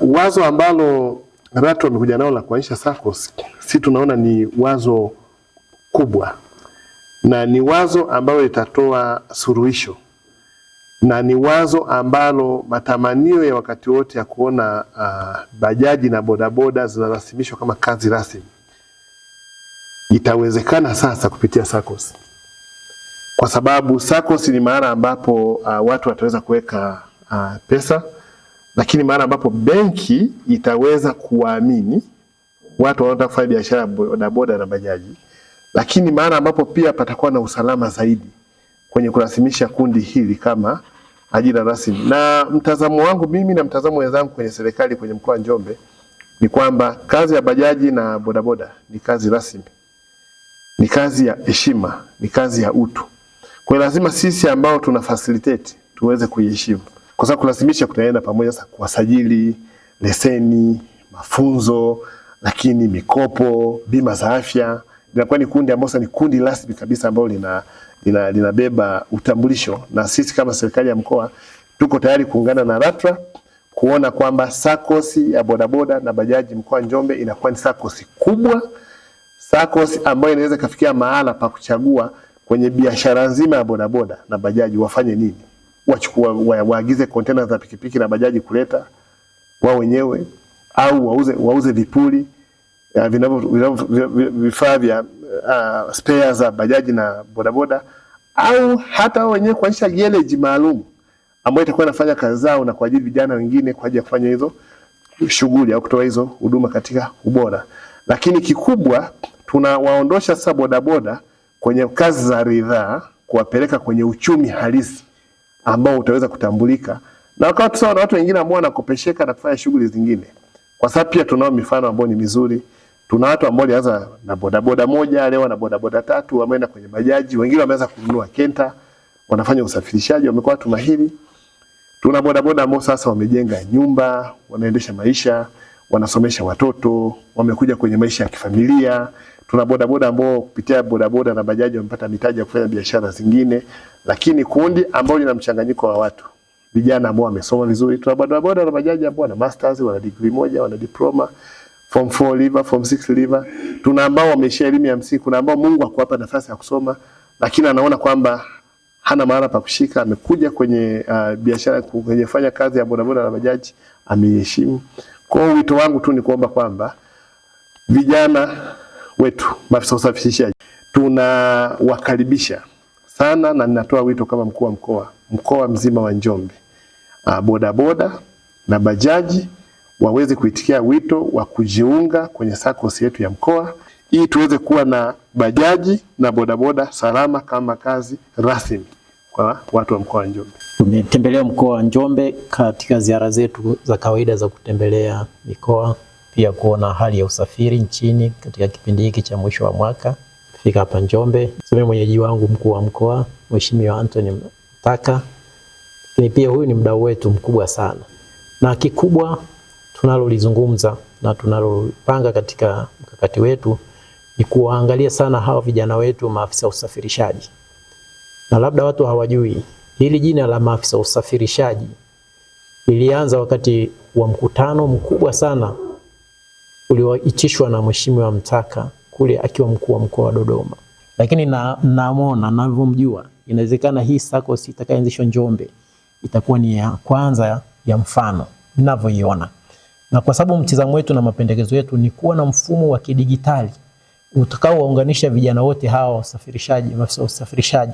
Wazo ambalo Rato wamekuja nao la kuanzisha SACCOS si tunaona ni wazo kubwa na ni wazo ambalo litatoa suluhisho na ni wazo ambalo matamanio ya wakati wote ya kuona uh, bajaji na bodaboda zinarasimishwa kama kazi rasmi itawezekana sasa kupitia SACCOS, kwa sababu SACCOS ni mahala ambapo uh, watu wataweza kuweka uh, pesa lakini maana ambapo benki itaweza kuwaamini watu wanaotaka kufanya biashara bodaboda na bajaji, lakini maana ambapo pia patakuwa na usalama zaidi kwenye kurasimisha kundi hili kama ajira rasmi. Na mtazamo wangu mimi na mtazamo wenzangu kwenye serikali kwenye mkoa wa Njombe ni kwamba kazi ya bajaji na bodaboda ni kazi rasmi, ni kazi ya heshima, ni kazi ya utu. Kwa lazima sisi ambao tuna facilitate tuweze kuiheshimu. Kwa sababu kulazimisha kunaenda pamoja sasa kuwasajili, leseni, mafunzo, lakini mikopo, bima za afya linakuwa ni kundi ambalo ni kundi rasmi kabisa ambalo lina lina linabeba utambulisho, na sisi kama serikali ya mkoa tuko tayari kuungana na LATRA kuona kwamba sakosi ya bodaboda na bajaji mkoa Njombe inakuwa ni sakosi kubwa, sakosi ambayo inaweza ikafikia mahala pa kuchagua kwenye biashara nzima ya bodaboda na bajaji wafanye nini wachukua wa, waagize kontena za pikipiki na bajaji kuleta wao wenyewe au wauze, wauze vipuli eh, vinavyo vifaa vya uh, spare za bajaji na bodaboda au hata wao wenyewe kuanzisha gereji maalum ambayo itakuwa inafanya kazi zao na kuajiri vijana wengine kwa ajili ya kufanya hizo shughuli au kutoa hizo huduma katika ubora. Lakini kikubwa tunawaondosha sasa bodaboda kwenye kazi za ridhaa kuwapeleka kwenye uchumi halisi ambao utaweza kutambulika na wakawa tusawa na watu wengine ambao wanakopesheka na kufanya shughuli zingine. Kwa sababu pia tunao mifano ambayo ni mizuri. Tuna watu ambao walianza na bodaboda moja, leo wana bodaboda tatu, wameenda kwenye bajaji, wengine wameanza kununua kenta, wanafanya usafirishaji, wamekuwa watu mahiri. Tuna bodaboda ambao sasa wamejenga nyumba, wanaendesha maisha, wanasomesha watoto, wamekuja kwenye maisha ya kifamilia. Tuna bodaboda ambao kupitia bodaboda na bajaji wamepata mitaji ya kufanya biashara zingine, lakini kundi ambao lina mchanganyiko wa watu vijana ambao wamesoma vizuri. Tuna bodaboda na bajaji ambao wana masters, wana degree moja, wana diploma, form 4 liver, form 6 liver. Tuna ambao wameshia elimu ya msingi, kuna ambao Mungu hakuwapa nafasi ya kusoma, lakini anaona kwamba hana mahala pa kushika, amekuja kwenye uh, biashara kwenye fanya kazi ya bodaboda na bajaji, ameheshimu. Kwa hiyo wito wangu tu ni kuomba kwamba vijana wetu maafisa usafishaji, tunawakaribisha sana na ninatoa wito kama mkuu wa mkoa, mkoa mzima wa Njombe, bodaboda ah, na bajaji waweze kuitikia wito wa kujiunga kwenye SACCOS yetu ya mkoa ili tuweze kuwa na bajaji na bodaboda salama kama kazi rasmi kwa watu wa mkoa wa Njombe. Tumetembelea mkoa wa Njombe katika ziara zetu za kawaida za kutembelea mikoa pia kuona hali ya usafiri nchini katika kipindi hiki cha mwisho wa mwaka. Fika hapa Njombe, sema mwenyeji wangu mkuu wa mkoa Mheshimiwa Anthony Mtaka, lakini pia huyu ni mdau wetu mkubwa sana, na kikubwa tunalolizungumza na tunalopanga katika mkakati wetu ni kuwaangalia sana hawa vijana wetu maafisa usafirishaji, na labda watu hawajui hili jina la maafisa usafirishaji lilianza wakati wa mkutano mkubwa sana ulioitishwa na Mheshimiwa Mtaka kule akiwa mkuu wa mkoa wa Dodoma, lakini namwona na navyomjua, inawezekana hii sako itakayoanzishwa Njombe itakuwa ni ya kwanza ya mfano ninavyoiona, na kwa sababu mtizamo wetu na mapendekezo yetu ni kuwa na mfumo wa kidigitali utakaowaunganisha vijana wote hawa wasafirishaji, maafisa usafirishaji,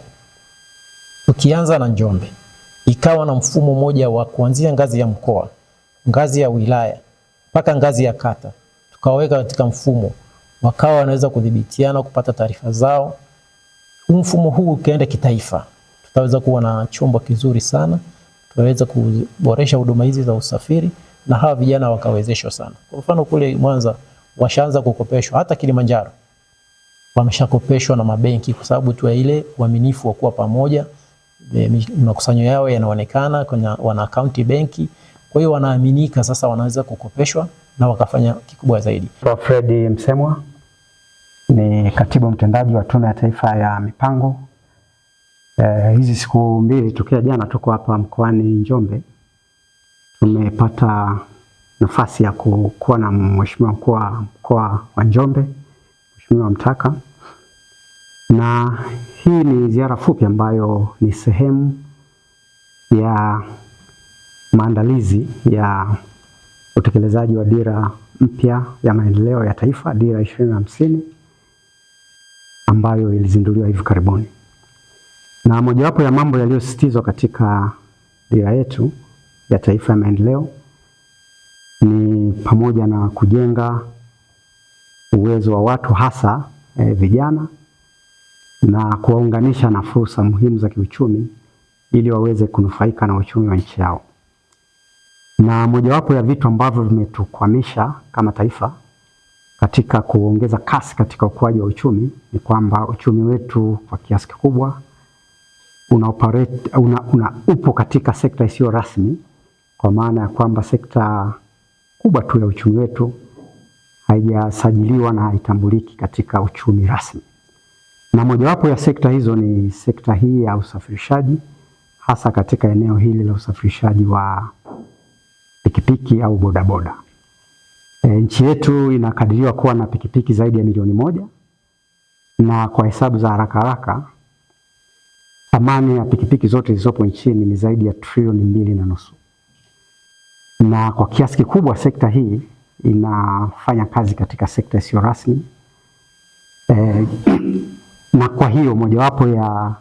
ukianza na Njombe ikawa na mfumo mmoja wa kuanzia ngazi ya mkoa, ngazi ya wilaya mpaka ngazi ya kata tukaweka katika mfumo, wakawa wanaweza kudhibitiana kupata taarifa zao. Mfumo huu ukienda kitaifa, tutaweza kuwa na chombo kizuri sana, tutaweza kuboresha huduma hizi za usafiri na hawa vijana wakawezeshwa sana. Kwa mfano kule Mwanza washaanza kukopeshwa, hata Kilimanjaro wameshakopeshwa na mabenki, kwa sababu tu ile uaminifu wa kuwa pamoja, e, makusanyo yao yanaonekana kwenye wana akaunti benki, kwa hiyo wanaaminika sasa, wanaweza kukopeshwa na wakafanya kikubwa zaidi. Fred Msemwa ni katibu mtendaji wa Tume ya Taifa ya Mipango. Eh, hizi siku mbili tokea jana tuko hapa mkoani Njombe tumepata nafasi ya kuwa na mheshimiwa mkuu wa mkoa wa Njombe, Mheshimiwa Mtaka, na hii ni ziara fupi ambayo ni sehemu ya maandalizi ya utekelezaji wa dira mpya ya maendeleo ya taifa, dira 2050 ambayo ilizinduliwa hivi karibuni, na mojawapo ya mambo yaliyosisitizwa katika dira yetu ya taifa ya maendeleo ni pamoja na kujenga uwezo wa watu hasa e, vijana na kuwaunganisha na fursa muhimu za kiuchumi ili waweze kunufaika na uchumi wa nchi yao na mojawapo ya vitu ambavyo vimetukwamisha kama taifa katika kuongeza kasi katika ukuaji wa uchumi ni kwamba uchumi wetu kwa kiasi kikubwa una operate, una, una upo katika sekta isiyo rasmi, kwa maana ya kwamba sekta kubwa tu ya uchumi wetu haijasajiliwa na haitambuliki katika uchumi rasmi, na mojawapo ya sekta hizo ni sekta hii ya usafirishaji, hasa katika eneo hili la usafirishaji wa pikipiki au bodaboda. E, nchi yetu inakadiriwa kuwa na pikipiki zaidi ya milioni moja na kwa hesabu za haraka haraka thamani ya pikipiki zote zilizopo nchini ni zaidi ya trilioni mbili na nusu, na kwa kiasi kikubwa sekta hii inafanya kazi katika sekta isiyo rasmi e, na kwa hiyo mojawapo ya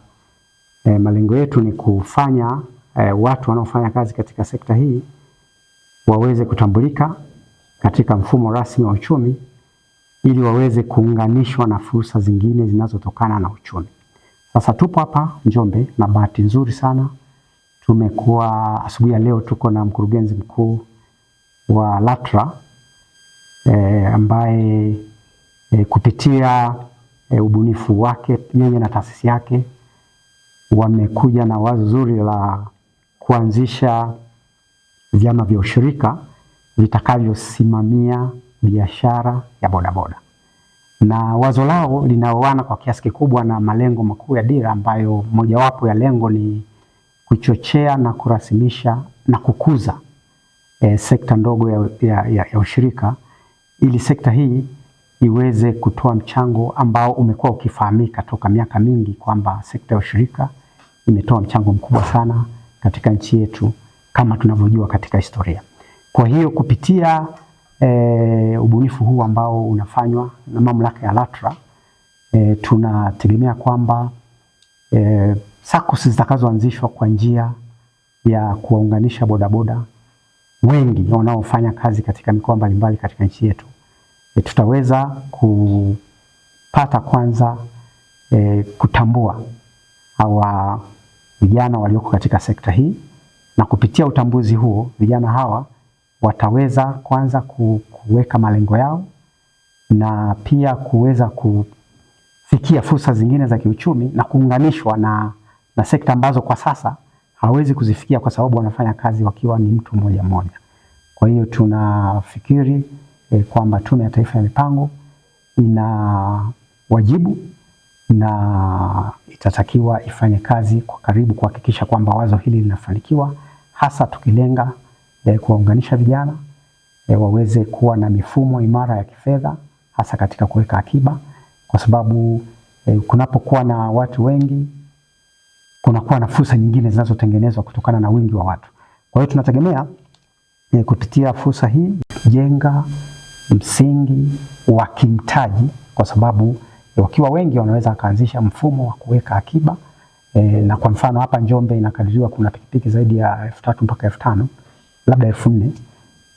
e, malengo yetu ni kufanya e, watu wanaofanya kazi katika sekta hii waweze kutambulika katika mfumo rasmi wa uchumi ili waweze kuunganishwa na fursa zingine zinazotokana na uchumi. Sasa tupo hapa Njombe na bahati nzuri sana tumekuwa asubuhi ya leo tuko na mkurugenzi mkuu wa LATRA e, ambaye e, kupitia e, ubunifu wake yeye na taasisi yake wamekuja na wazo zuri la kuanzisha vyama vya ushirika vitakavyosimamia biashara ya bodaboda, na wazo lao linaoana kwa kiasi kikubwa na malengo makuu ya dira, ambayo mojawapo ya lengo ni kuchochea na kurasimisha na kukuza e, sekta ndogo ya, ya, ya, ya ushirika ili sekta hii iweze kutoa mchango ambao umekuwa ukifahamika toka miaka mingi kwamba sekta ya ushirika imetoa mchango mkubwa sana katika nchi yetu kama tunavyojua katika historia. Kwa hiyo kupitia e, ubunifu huu ambao unafanywa na mamlaka ya LATRA e, tunategemea kwamba e, SACCOS zitakazoanzishwa kwa njia ya kuwaunganisha bodaboda wengi wanaofanya kazi katika mikoa mbalimbali katika nchi yetu e, tutaweza kupata kwanza e, kutambua hawa vijana walioko katika sekta hii na kupitia utambuzi huo vijana hawa wataweza kwanza kuweka malengo yao na pia kuweza kufikia fursa zingine za kiuchumi na kuunganishwa na, na sekta ambazo kwa sasa hawezi kuzifikia kwa sababu wanafanya kazi wakiwa ni mtu mmoja mmoja. Kwa hiyo tunafikiri eh, kwamba Tume ya Taifa ya Mipango ina wajibu na itatakiwa ifanye kazi kwa karibu kuhakikisha kwamba wazo hili linafanikiwa hasa tukilenga eh, kuwaunganisha vijana eh, waweze kuwa na mifumo imara ya kifedha hasa katika kuweka akiba, kwa sababu eh, kunapokuwa na watu wengi kunakuwa na fursa nyingine zinazotengenezwa kutokana na wingi wa watu. Kwa hiyo tunategemea eh, kupitia fursa hii jenga msingi wa kimtaji, kwa sababu eh, wakiwa wengi wanaweza wakaanzisha mfumo wa kuweka akiba e, na kwa mfano hapa Njombe inakadiriwa kuna pikipiki zaidi ya elfu tatu mpaka elfu tano labda elfu nne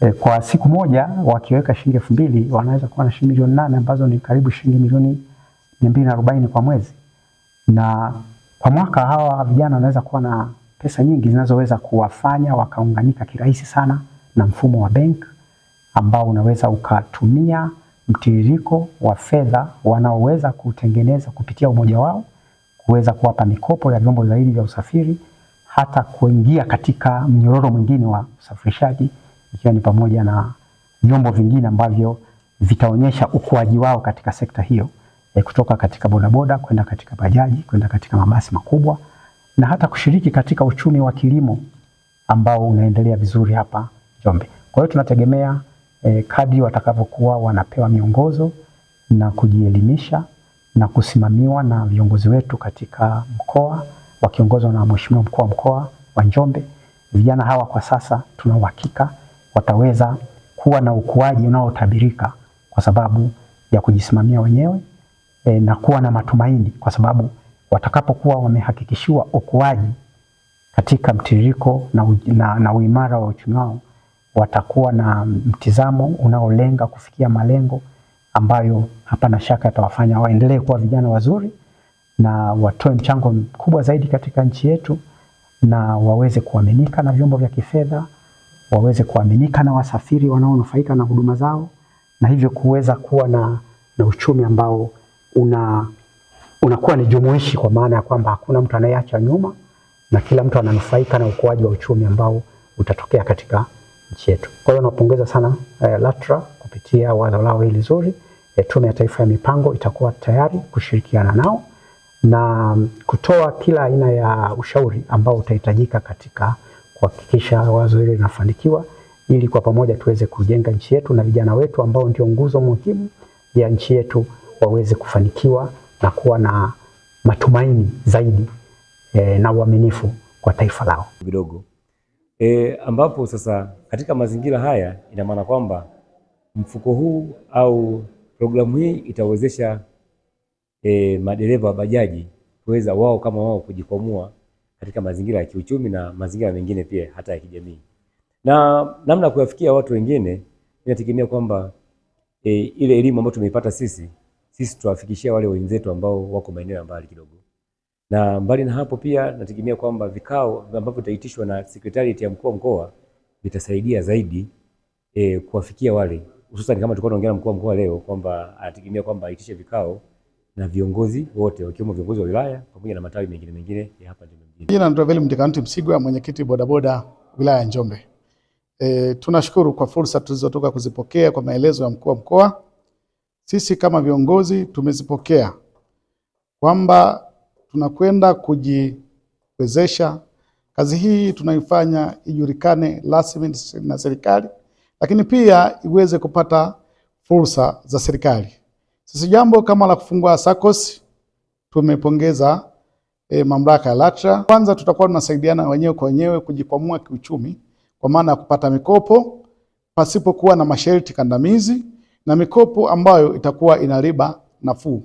e, kwa siku moja wakiweka shilingi elfu mbili wanaweza kuwa na shilingi milioni nane ambazo ni karibu shilingi milioni mia mbili na arobaini kwa mwezi, na kwa mwaka hawa vijana wanaweza kuwa na pesa nyingi zinazoweza kuwafanya wakaunganika kirahisi sana na mfumo wa bank ambao unaweza ukatumia mtiririko wa fedha wanaoweza kutengeneza kupitia umoja wao kuweza kuwapa mikopo ya vyombo zaidi vya usafiri, hata kuingia katika mnyororo mwingine wa usafirishaji, ikiwa ni pamoja na vyombo vingine ambavyo vitaonyesha ukuaji wao katika sekta hiyo e, kutoka katika bodaboda kwenda katika bajaji kwenda katika mabasi makubwa na hata kushiriki katika uchumi wa kilimo ambao unaendelea vizuri hapa Njombe. Kwa hiyo tunategemea e, kadri watakavyokuwa wanapewa miongozo na kujielimisha na kusimamiwa na viongozi wetu katika mkoa wakiongozwa na Mheshimiwa mkuu wa mkoa wa Njombe. Vijana hawa kwa sasa tuna uhakika wataweza kuwa na ukuaji unaotabirika kwa sababu ya kujisimamia wenyewe e, na kuwa na matumaini kwa sababu watakapokuwa wamehakikishiwa ukuaji katika mtiririko na, na, na uimara wa uchumi wao watakuwa na mtizamo unaolenga kufikia malengo ambayo hapana shaka yatawafanya waendelee kuwa vijana wazuri na watoe mchango mkubwa zaidi katika nchi yetu, na waweze kuaminika na vyombo vya kifedha, waweze kuaminika na wasafiri wanaonufaika na huduma zao, na hivyo kuweza kuwa na, na uchumi ambao una unakuwa ni jumuishi, kwa maana ya kwamba hakuna mtu anayeacha nyuma na kila mtu ananufaika na ukuaji wa uchumi ambao utatokea katika nchi yetu. Kwa hiyo napongeza sana eh, LATRA kupitia wazo lao hili zuri e, Tume ya Taifa ya Mipango itakuwa tayari kushirikiana nao na kutoa kila aina ya ushauri ambao utahitajika katika kuhakikisha wazo hilo linafanikiwa, ili kwa pamoja tuweze kujenga nchi yetu na vijana wetu ambao ndio nguzo muhimu ya nchi yetu waweze kufanikiwa na kuwa na matumaini zaidi e, na uaminifu kwa taifa lao vidogo e, ambapo sasa katika mazingira haya ina maana kwamba mfuko huu au Programu hii itawezesha e, madereva wa bajaji kuweza wao kama wao kujikwamua katika mazingira ya kiuchumi na mazingira mengine pia hata ya kijamii. Na namna kuyafikia watu wengine inategemea kwamba e, ile elimu ambayo tumeipata sisi sisi tuwafikishia wale wenzetu ambao wako maeneo ya mbali kidogo. Na mbali na hapo pia nategemea kwamba vikao ambavyo vitaitishwa na sekretarieti ya mkuu wa mkoa vitasaidia zaidi e, kuwafikia wale hususan kama tulikuwa tunaongea na mkuu wa mkoa leo kwamba anategemea kwamba aitishe vikao na viongozi wote wakiwemo viongozi wa wilaya pamoja na matawi mengine mengine ya hapa Njombe mjini. Jina ndio Veli Mtikanti Msigwa, mwenyekiti bodaboda wilaya ya Njombe. E, tunashukuru kwa fursa tulizotoka kuzipokea kwa maelezo ya mkuu wa mkoa. Sisi kama viongozi tumezipokea kwamba tunakwenda kujiwezesha. Kazi hii tunaifanya ijulikane rasmi na serikali lakini pia iweze kupata fursa za serikali. sisi jambo kama la kufungua SACCOS tumepongeza e, mamlaka ya LATRA. Kwanza tutakuwa tunasaidiana wenyewe kwa wenyewe kujikwamua kiuchumi, kwa maana ya kupata mikopo pasipokuwa na masharti kandamizi na mikopo ambayo itakuwa ina riba nafuu.